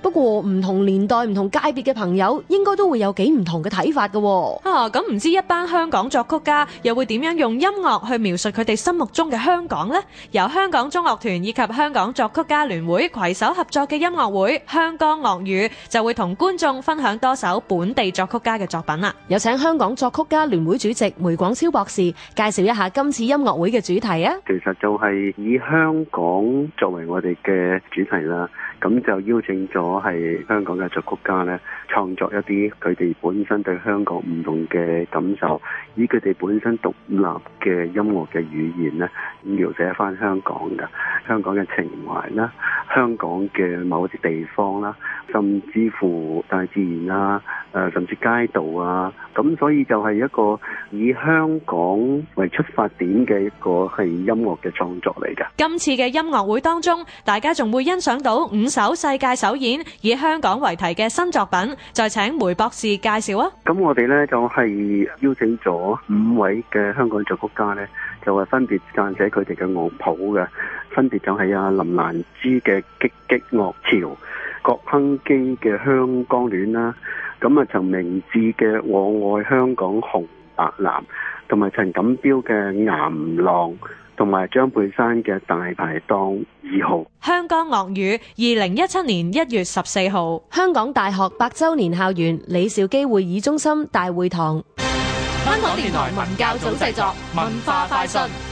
不過，唔同年代，唔同界別嘅朋友，應該都會有幾唔同嘅睇法㗎喎。咁唔知一班香港作曲家又會點樣用音樂去描述佢哋心目中嘅香港呢？由香港中樂團以及香港作曲家聯會，攜手合作嘅音樂會，香江樂語，就會同觀眾分享多首本地作曲家嘅作品啦。有請香港作曲家聯會主席，梅廣超博士，介紹一下今次音樂會嘅主題啊。其實就係以香港作為我哋嘅主題啦。咁就邀請咗係香港嘅作曲家咧，創作一啲佢哋本身對香港唔同嘅感受，以佢哋本身獨立嘅音樂嘅語言咧，描寫翻香港嘅香港嘅情懷啦，香港嘅某啲地方啦，甚至乎大自然啊，誒、呃、甚至街道啊，咁所以就係一個。以香港為出發點嘅一個係音樂嘅創作嚟噶。今次嘅音樂會當中，大家仲會欣賞到五首世界首演以香港為題嘅新作品。再請梅博士介紹啊。咁、嗯、我哋呢就係、是、邀請咗五位嘅香港作曲家呢就係、是、分別撰寫佢哋嘅樂譜嘅。分別就係阿林蘭之嘅激激樂潮，郭亨基嘅香江戀啦。咁啊，陳明智嘅《我愛香港紅白藍》，同埋陳錦標嘅《岩浪》，同埋張佩山嘅《大排檔二號》。香港樂語，二零一七年一月十四號，香港大學百周年校園李兆基會議中心大會堂。香港電台文教組製作，文化快訊。